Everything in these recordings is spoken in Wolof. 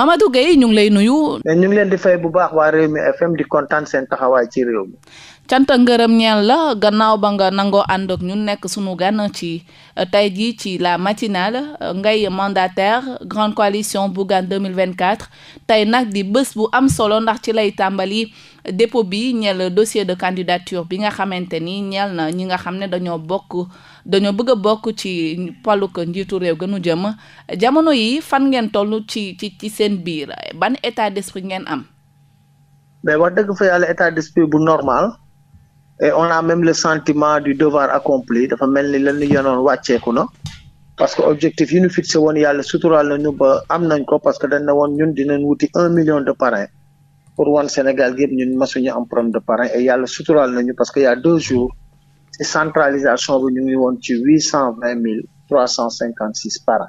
Mamadou Gueye ñu ngi lay nuyu. ñu ngi leen di fay bu baax waa Rewmi FM di kontaan seen taxawaay ci réew mi. canta ngërëm ñeel la gannaaw ba nga nangoo ànd ak ñun nekk sunu gan ci euh, tey jii ci la matinale euh, ngay mandataire grande coalition Bougane 2024 tey nag di bés bu am solo ndax ci lay tàmbali dépôt bi ñeel dossier de candidature bi nga xamante ni ñeel na ñi nga xam ne dañoo bokk dañoo bëgg a bokk ci paluk njiitu réew gënu jëm jamono yi fan ngeen toll ci ci seen biir ban état d'esprit ngeen am. mais wax dëgg fa yàlla état d'esprit bu normal. et on a même le sentiment du devoir accompli dafa mel ni lan ñu yenoon wàcceeku na parce que objectif yi ñu fixé woon yàlla suturaal nañu ba am nañ ko parce que dañ ne woon ñun dinañ wuti un million de parrain pour wan Sénégal gi yëpp ñun masuñu am problème de parrain et yàlla suturaal nañu parce que y a deux jours ci centralisation bi ñu ngi woon ci huit cent vingt mille trois cent cinquante six parrain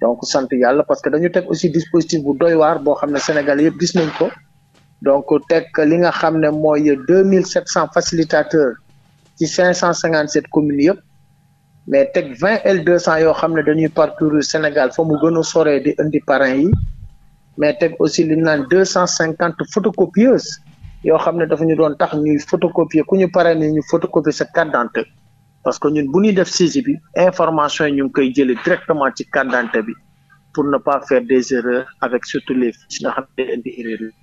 donc sant yàlla parce que dañu teg aussi dispositif bu doy waar boo xam ne Sénégal yëpp gis nañ ko donc teg li nga xam ne mooy deux mille sept cent facilitateurs ci cinq cent cinquante sept communes yëpp mais teg vingt L deux cent yoo xam ne dañuy parcourir Sénégal fa mu gën soree di indi parrain yi mais teg aussi li naan deux cent cinquante photocopieuses yoo xam ne dafa ñu doon tax ñuy photocopier ku ñu paree ni ñu photocopier sa carte d'identité parce que ñun bu ñuy def saisie bi information yi ñu ngi koy jëlee directement ci carte bi pour ne pas faire des erreurs avec surtout les fiches nga xam ne indi erreur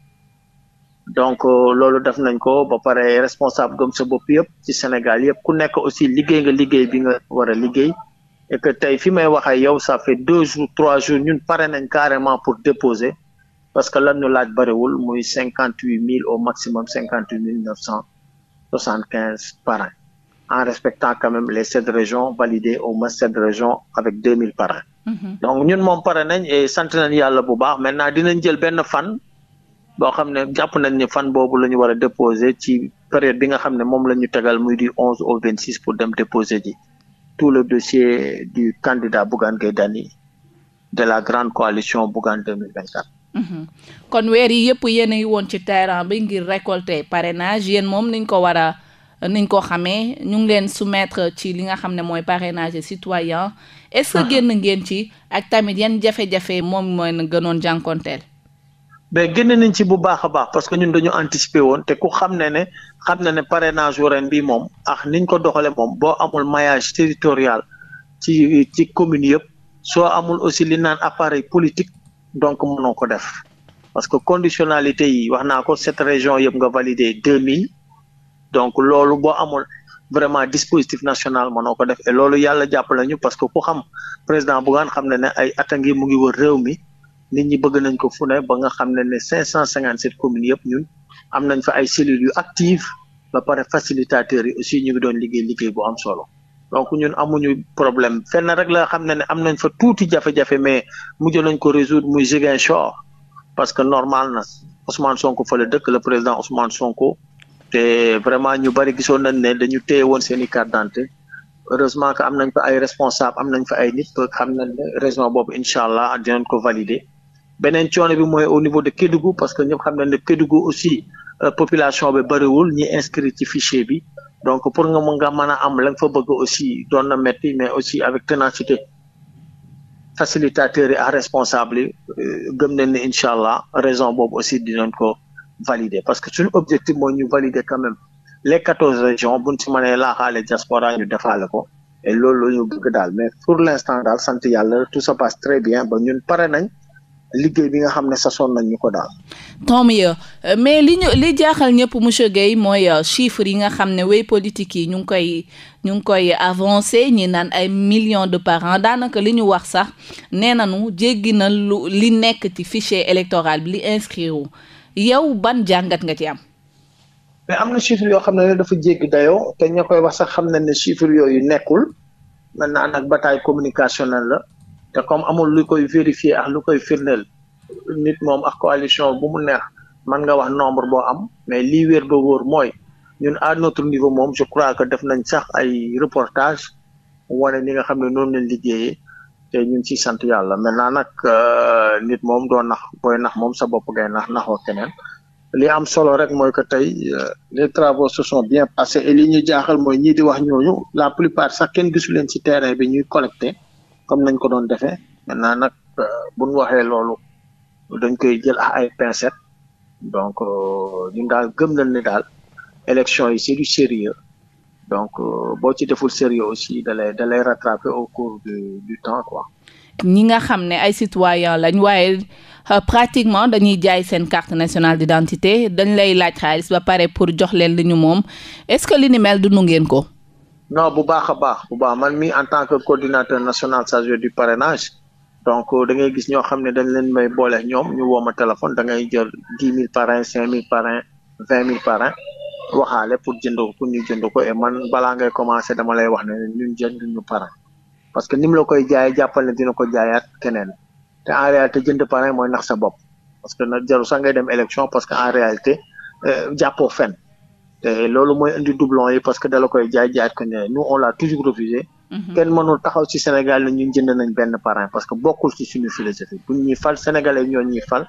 donc euh, loolu def nañ ko ba pare responsable gëm sa bopp yëpp ci Sénégal yëpp ku nekk aussi liggéey nga liggéey bi nga war a liggéey et que tey fi may wax ak yow ça fait deux jours trois jours ñun pare nañ carrément pour déposer parce que lan ñu laaj bariwul muy cinquante huit mille au maximum cinquante huit mille neuf cent soixante quinze parrains en respectant quand même les sept régions validées au moins sept régions avec deux mille parrains. Mm-hmm. donc ñun moom pare nañ et benn fan. boo xam ne jàpp nañ ne fan boobu la ñu war a déposer ci période bi nga xam ne moom la ñu tegal muy du onze au vingt six pour dem déposé ji tout le dossier du candidat Bougane Gueye Dany de la grande coalition Bougane 2024. Mhm. kon weer yi yëpp yéen a ngi woon ci terrain bi ngir récolter parrainage yéen moom niñ ko war a niñ ko xamee ñu ngi leen soumettre ci li nga xam ne mooy parrainage citoyen est-ce que ah. génn ngeen ci ak tamit yan jafe-jafe moom mooy na gënoon jànkonteel mais génne nañ ci bu baax a baax parce que ñun dañu anticiper woon te ku xam ne ne xam na ne parrainage wu ren bii moom ax niñ ko doxalee moom boo amul maillage territorial ci ci commune yëpp soo amul aussi li naan appareil politique donc mënoo ko def parce que conditionnalité yi wax naa ko cette région yëpp nga validé deux mille donc loolu boo amul vraiment dispositif national mënoo ko def et loolu yàlla jàppale ñu parce que ku xam président Bougane xam ne ne ay at a ngi mu ngi wër réew mi. nit ñi bëgg nañ ko fu ne ba nga xam ne ne cinq cent cinquante sept communes yëpp ñun am nañ fa ay cellules yu actives ba pare facilitateurs yi aussi ñu ngi doon liggéey liggéey bu am solo donc ñun amuñu problème fenn rek la xam ne ne am nañ fa tuuti jafe-jafe mais mujj nañ ko résoudre muy Ziguinchor parce que normal na Ousmane Sonko fa la dëkk la président Ousmane Sonko te vraiment ñu bari gisoon nañ ne dañu téye woon seen i carte d'identité heureusement que am nañ fa ay responsable am nañ fa ay nit ba xam nañ boobu incha allah ko valider beneen coono bi mooy au niveau de Kédougou parce que ñëpp xam nañ ne Kédougou aussi euh, population bi bëriwul ñi inscrit ci fichier bi donc pour nga mën nga mën a am la nga fa bëgg aussi doon na metti mais aussi avec ténacité facilitateurs yi ak responsables yi euh, gëm nañ ne incha allah raison boobu aussi dinañ ko valider parce que suñu objectif mooy ñu valider quand même les quatorze régions buñ si la laaxaale diaspora ñu defaale ko et loolu la ñu bëgg daal mais pour l'instant daal sant yàlla tout se passe très bien ba pare nañ liggéey bi nga xam ne sasoon nañ ñu ko daal. tant mieux euh, mais li ñu li jaaxal ñëpp monsieur Guèye mooy euh, chiffres yi nga xam ne way politique yi ñu ngi koy ñu ngi koy avancé ñi naan ay millions de parent daanaka li ñu wax sax nee nañu jéggi na lu li nekk ci fichier électoral bi li inscrire wu yow ban jàngat nga ci am. mais am na chiffres yoo xam ne dafa jéggi dayoo te ña koy wax sax xam nañ ne chiffres yooyu nekkul maintenant nag bataille communicationnelle la. te comme amul lu koy vérifier ak lu koy firndeel nit moom ak coalition bu mu neex man nga wax nombre boo am mais lii wér ba wóor mooy ñun à notre niveau moom je crois que def nañ sax ay reportage wane ni nga xam ne noonu lañ liggéeyee te ñun ci sant yàlla maintenant nag euh, nit moom doo nax booy nax moom sa bopp ngay nax naxoo keneen li am solo rek mooy que tey euh, les travaux se sont bien passés et li ñu jaaxal mooy ñii di wax ñooñu la plupart sax kenn gisu leen ci terrain bi ñuy collecté comme nañ ko doon defee maintenant nag euh, bu ñu waxee loolu dañ koy jël a ay pincette donc euh, ñun daal gëm nañ ne daal élection yi c'est du sérieux donc euh, boo ci deful sérieux aussi da lay da au cours du temps quoi. ñi nga xam ne ay citoyen lañ waaye pratiquement dañuy jaay seen carte nationale d'identité dañ lay laaj xaalis ba pare pour jox leen li ñu moom est-ce que li du nu ngeen ko. non bu baax a baax bu baax man mi en tant que coordinateur national chargé du parrainage donc euh, da ngay gis ñoo xam ne dañ leen may boole ñoom ñu woo ma téléphone da ngay jël dix mille parrain cinq mille parrain vingt mille parrain waxaale pour jënd ko pour ñu jënd ko man balaa ngay commencé dama lay wax ne ñun jënd ñu parrain parce que ni mu la koy jaayee jàppal ne dina ko jaayaat keneen te en réalité jënd parrain mooy nax sa bopp parce que nag jarul sax ngay dem élection parce que en réalité euh, jàppoo fenn. te loolu mooy indi doublon yi parce que dala koy jaay jaay ko ne nous on l'a toujours refusé. Mhm. kenn mënul taxaw ci Sénégal ne ñun jënd nañ benn parrain parce que bokkul ci suñu fi bu ñuy fal sénégalais ñoo ñuy fal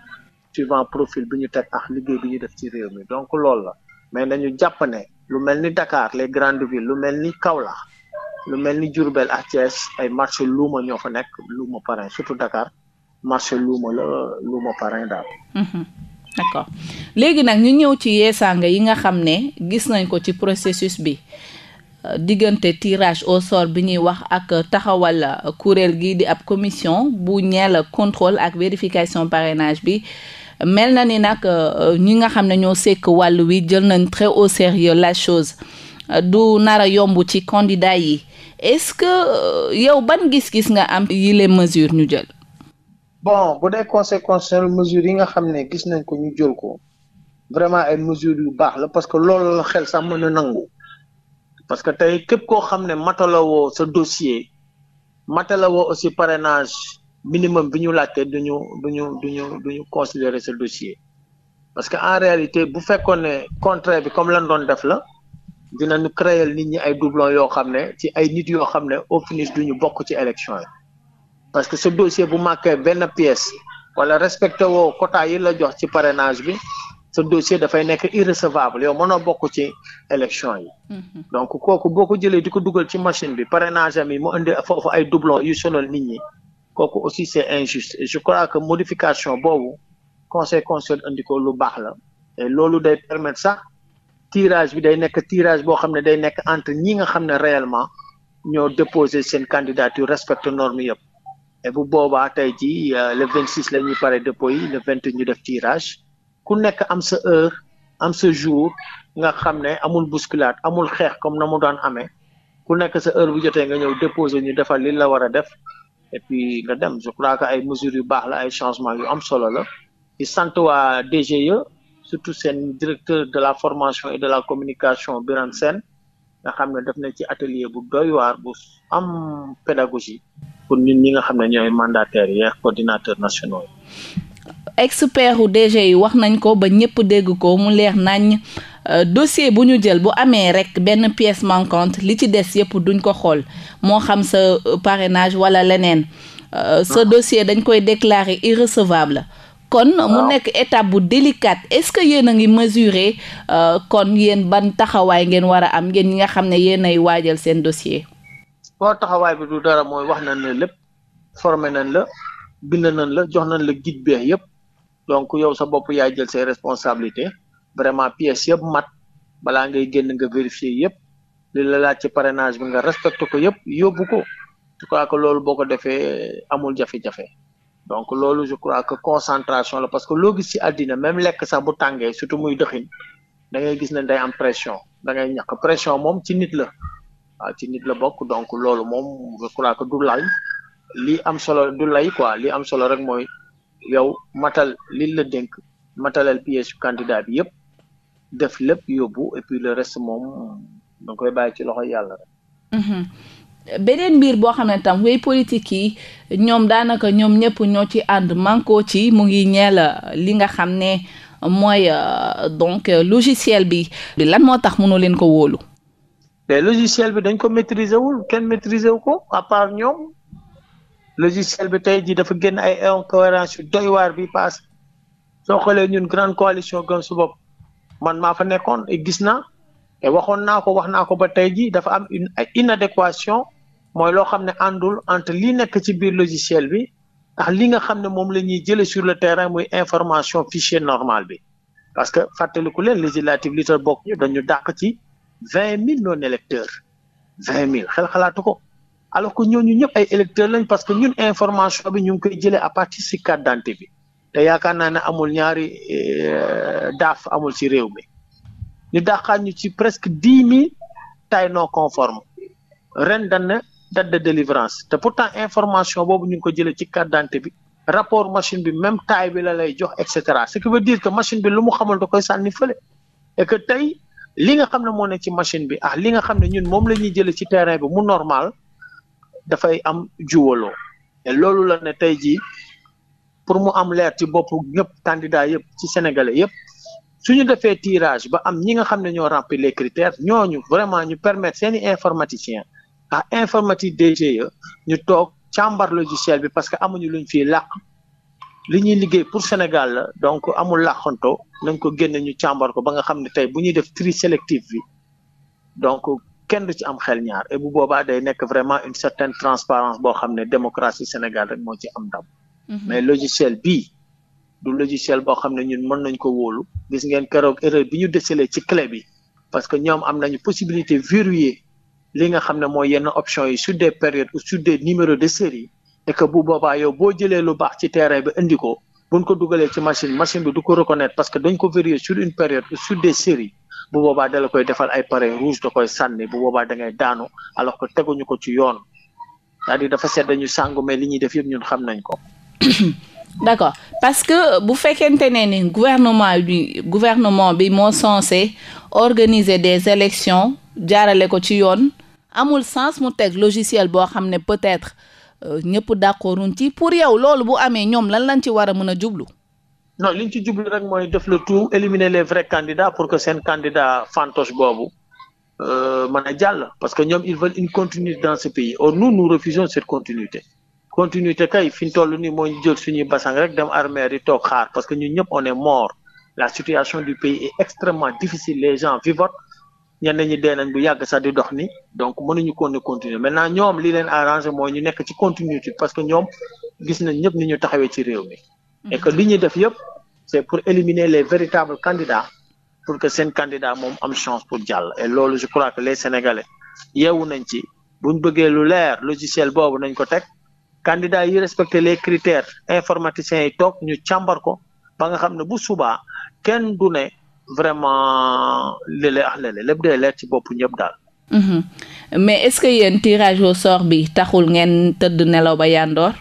suivant profile bu ñu teg ak liggéey bi ñu def ci réew mi donc loolu la mais dañu jàpp ne lu mel ni Dakar les grandes villes lu mel ni Kaolack lu mel ni Diourbel ak Thiès ay marché luuma ñoo fa nekk luuma parrain surtout Dakar marché luuma la luuma parrain daal. Mhm. d'accord léegi nag ñu ñëw ci yeesaanga yi nga xam ne gis nañ ko ci processus bi euh, diggante tirage au sort bi ñuy wax ak taxawal kuréel gii di ab commission bu ñeel contrôle ak vérification parrainage bi mel na ni nag euh, ñi nga xam ne ñoo sekk wàll wi jël nañ très au sérieux la chose euh, du nar a yomb ci candidat yi est-ce que yow ban gis-gis nga am yi leen mesures ñu jël bon bu dee conseil constitutionnel mesures yi nga xam ne gis nañ ko ñu jël ko vraiment ay mesures yu baax la parce que loolu la xel sax mën a nangu parce que tey képp koo xam ne matalawoo sa dossier matalawoo aussi parrainage minimum bi ñu laajte duñu duñu duñu duñu considérer sa dossier parce que en réalité bu fekkoon ne contraire bi comme lan doon def la dinañu créel nit ñi ay doublon yoo xam ne ci ay nit yoo xam ne au finish ñu bokk ci élection yi parce que sa dossier bu manqué benn pièce wala respecté woo cota yi la jox ci parrainage bi sa dossier dafay nekk irrecevable yow mënoo bokk ci élection yi. Mhm. donc kooku boo ko jëlee di ko dugal ci machine bi parenage am yi mu indi foofu ay doublon yu sono nit ñi kooku aussi c'est injuste je crois que modification boobu conseil constitutionnel indi ko lu baax la et loolu day permettre sax tirage bi day nekk tirage boo xam ne day nekk entre ñi nga xam ne réellement ñoo déposé seen candidature respecte norme yëpp. bu boobaa tey jii euh, le vingt six la ñuy pare dépôt yi le vingt ñu def tirage ku nekk am sa heure am sa jour nga xam ne amul bousculade amul xeex comme na mu daan amee ku nekk sa heure bu jotee nga ñëw déposé ñu defal li la war a def et puis nga dem je crois que ay mesures yu baax la ay changements yu am solo la di sant waa DGE surtout seen directeur de la formation et de la communication Birane Sène nga xam ne def na ci atelier bu doy waar bu am pédagogie pour ñun ñi nga xam ne ñooy mandataires yeex coordinateurs nationaux yi. expert u DG yi wax nañ ko ba ñëpp dégg ko mu leer nañ euh, dossier bu ñu jël bu amee rek benn pièce manquante li ci des yëpp duñ ko xool moo xam sa euh, parrainage wala leneen. Euh, sa ah. dossier dañ koy déclarer irrecevable. kon mu nekk étape bu délicate est-ce que yéen a ngi mesurer euh, kon yéen ban taxawaay ngeen war a am ngeen ñi nga xam ne yéen ay waajal seen dossier. waaw taxawaay bi du dara mooy wax nañ la lépp formé nañ la bind nañ la jox nañ la guide beex yëpp donc yow sa bopp yaay jël say responsabilité vraiment pièces yëpp mat balaa ngay génn nga vérifier yëpp li la laaj ci parrainage bi nga respecté ko yëpp yóbbu ko je crois que loolu boo ko defee amul jafe-jafe. donc loolu je crois que concentration la parce que loo gis ci àddina même lekk sax bu tàngee surtout muy dëxin da ngay gis na day am pression da ngay ñàkk pression moom ci nit la waaw ci nit la bokk donc loolu moom je crois que du lay li am solo du lay quoi li am solo rek mooy yow matal li la dénk matalal piège candidat bi yëpp def lépp yóbbu et puis le reste moom da koy bàyyi ci loxo yàlla rek mm-hmm. beneen mbir boo xam ne tam way politique yi ñoom daanaka ñoom ñëpp ñoo ci ànd manko ci mu ngi ñeel euh, li nga xam ne euh, mooy euh, donc logiciel bi lan moo tax mënoo leen ko wóolu mais logiciel bi dañ ko maîtriser wul kenn maîtriser wu ko à part ñoom logiciel bi tey jii dafa génn ay incohérence yu doy waar bi paase soo xoolee ñun grande coalition gëm su bopp man maa fa nekkoon gis naa et waxoon naa ko wax naa ko ba tey ji dafa am une inadéquation mooy loo xam ne àndul entre li nekk ci biir logiciel bi ndax li nga xam ne moom la ñuy jëlee sur le terrain muy information fichier normal bi parce que fàttaliku leen législative li ta bokk ñu dañu dàq ci vingt mille non électeurs vingt mille xel xalaatu ko alors que ñooñu ñëpp ay électeurs lañ parce que ñun information bi ñu ngi koy jëlee à pati si carte bi te yaakaar naa ne amul ñaari euh, daaf amul ci réew mi ñu dàqaat ñu ci presque dix mille taille non conforme ren dañ ne date de délivrance te pourtant information boobu ñu ngi ko jëlee ci carte d'identité bi rapport machine bi même taille bi la lay jox et cetera ce qui veut dire que machine bi lu mu xamal da koy sànni fële et que tey li nga xam ne moo nekk ci machine bi ah li nga xam ne ñun moom la ñuy jëlee ci terrain bi mu normal dafay am juwaloo loolu la ne tey jii pour mu am leer ci bopp ñëpp candidat yëpp ci sénégalais yëpp su ñu defee tirage ba am ñi nga xam ne ñoo remplir les critères ñooñu vraiment ñu permettre seeni informaticiens à informatique DGE ñu toog càmbar logiciel bi parce que amuñu luñ fi làq li ñuy liggéey pour Sénégal la donc amul làqanto nañ ko génne ñu càmbar ko ba nga xam ne tey bu ñuy def tri sélectif bi donc kenn du ci am xel ñaar et bu boobaa day nekk vraiment une certaine transparence boo xam ne démocratie Sénégal rek moo ci am ndam mhm. mais logiciel du logiciel boo xam ne ñun mën nañ ko wóolu gis ngeen keroog erreur bi ñu décelé ci clé bi parce que ñoom am nañu possibilité verrouiller li nga xam ne mooy yenn option yi sur période périodes ou sur des numéros de série et que bu booba yow boo jëlee lu baax ci terrain bi indi ko buñ ko dugalee ci machine machine bi du ko reconnaître parce que dañ ko verrouiller sur une période ou sur des séries bu boobaa dala koy defal ay pare rouge da koy sànni bu boobaa dangay ngay daanu alors teguñu ko ci yoon c'est-à-dire dafa ñu sàngu mais li ñuy def yëpp ñun xam nañ ko d'accord parce que bu fekkente ne ni gouvernement bi gouvernement bi moo censé organiser des élections jaarale ko ci yoon amul sens mu teg logiciel boo xam ne peut-être euh, ñëpp d'accorduñ ci pour yow loolu bu amee ñoom lan lañ ci war a mën a jublu. non li ñu ci jublu rek mooy def le tout éliminer les vrais candidats pour que seen candidat fantoche boobu euh, man a jàll parce que ñoom ils veulent une continuité dans ce pays or nous nous refusons cette continuité. continuité tey fi ñu toll nii moo ñu jël suñuy basang rek dem armée yi toog xaar parce que ñu ñëpp on est mort la situation du pays est extrêmement difficile les gens vivotent ñenn ñi dee nañ bu yàgg sax di dox ni donc mënuñu kon ne continuer maintenant ñoom li leen arrangé mooy ñu nekk ci continuité parce que ñoom gis nañ ñëpp ni ñu taxawee ci réew mi. et que li ñuy def yëpp c'est pour éliminer les véritables candidats pour que seen candidat moom am chance pour jàll et loolu je crois que les nañ ci buñ bëggee lu leer logiciel boobu nañ ko teg. candidat yi respecté les critères informaticiens yi toog ñu càmbar ko ba nga xam ne bu subaa kenn du ne vraiment lele léeg ah léeg de leer ci boppu ñëpp daal. Mhm. mais est-ce que yéen tirage au sort bi taxul ngeen tëdd nelaw ba yandoor.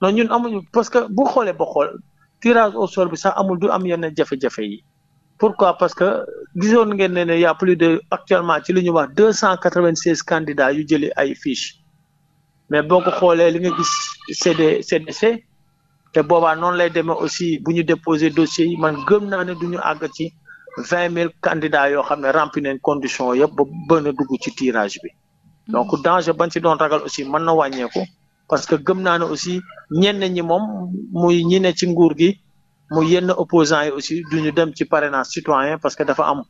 non ñun amuñu parce que bu xoolee ba xool tirage au sort bi sax amul du am yenn jafe-jafe yi pourquoi parce que gisoon ngeen ne ne y a plus de actuellement ci lu ñu wax deux cent quatre vingt yu jëli ay fiche mais boo ko xoolee li nga gis CD CDC te boobaa noonu lay demee aussi bu ñu déposé dossier yi man gëm naa ne du ñu àgg ci vingt mille candidats yoo xam ne rempli condition yëpp ba bëgg na dugg ci tirage bi donc hmm. danger bañ ci doon ragal aussi mën na wàññeeku parce que gëm naa ne aussi ñenn ñi moom muy ñi ne ci nguur gi mu yenn opposants yi aussi du ñu dem ci parrainage citoyen parce que dafa am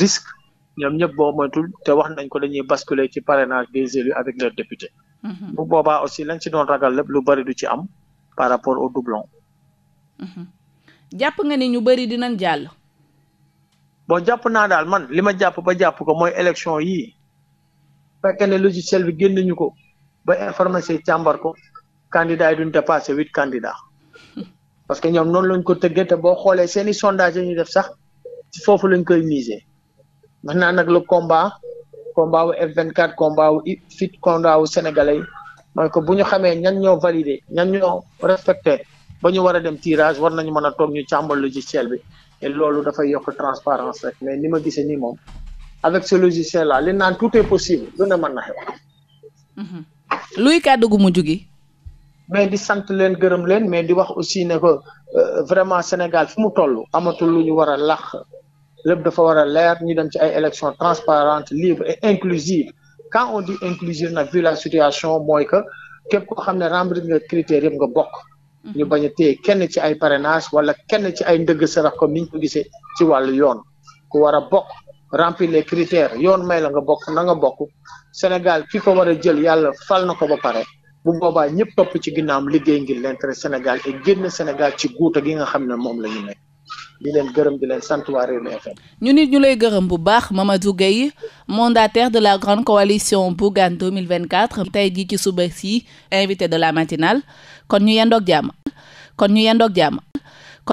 risque ñoom ñëpp boo moytul te wax nañ ko dañuy basculer ci parrainage des élus avec leurs députés Mm-hmm. bu boobaa aussi lañ ci doon ragal lépp lu bari du ci am par rapport au doublon. Mm-hmm. jàpp nga ni ñu bari dinañ jàll. bon jàpp naa daal man li ma jàpp ba jàpp ko mooy élection yi fekkee ne logiciel bi génn ñu ko ba information yi càmbar ko candidats yi duñ dépassé huit candidats parce que ñoom noonu lañ ko tëggee te boo xoolee seeni sondage yi ñu def sax ci foofu lañ koy miser maintenant nag le komba combat wu F24 combat wu fit combat wu sénégalais yi bu ñu xamee ñan ñoo validé ñan ñoo respecté ba ñu war a dem tirage war nañu mën a toog ñu càmbal logiciel bi et loolu dafay yokk transparence rek mais ni ma gisee ni moom avec ce logiciel là li naan tout est possible lu ne mën na xew. Mhm. luy kàddu gu mujj gi. mais di sant leen gërëm leen mais di wax aussi ne que euh, vraiment Sénégal fu mu toll amatul lu ñu war a lépp dafa war a leer ñu dem ci ay élections transparentes libres et inclusives quand on inclusive nag vu la situation mooy que képp koo xam ne remplir nga critères yëpp nga bokk. Mhm. ñu bañ a téye kenn ci ay parrainage wala kenn ci ay ndëgg sarax comme ni ñu ko gisee ci wàllu yoon ku war a bokk remplir les critères yoon may la nga bokk na nga bokk Sénégal ki ko war a jël yàlla fal na ko ba pare. bu boobaa ñëpp topp ci ginnaawam liggéey ngir l'intérêt Sénégal et génn Sénégal ci guuta gi nga xam ne moom la ñu nekk. di leen gërëm di sant waa ñu nit ñu lay gërëm bu baax Mamadou Gueye mandataire de la grande coalition Bougane 2024 tey jii ci suba si invité de la matinale kon ñu yendoog jàmm kon ñu yendoog jàmm.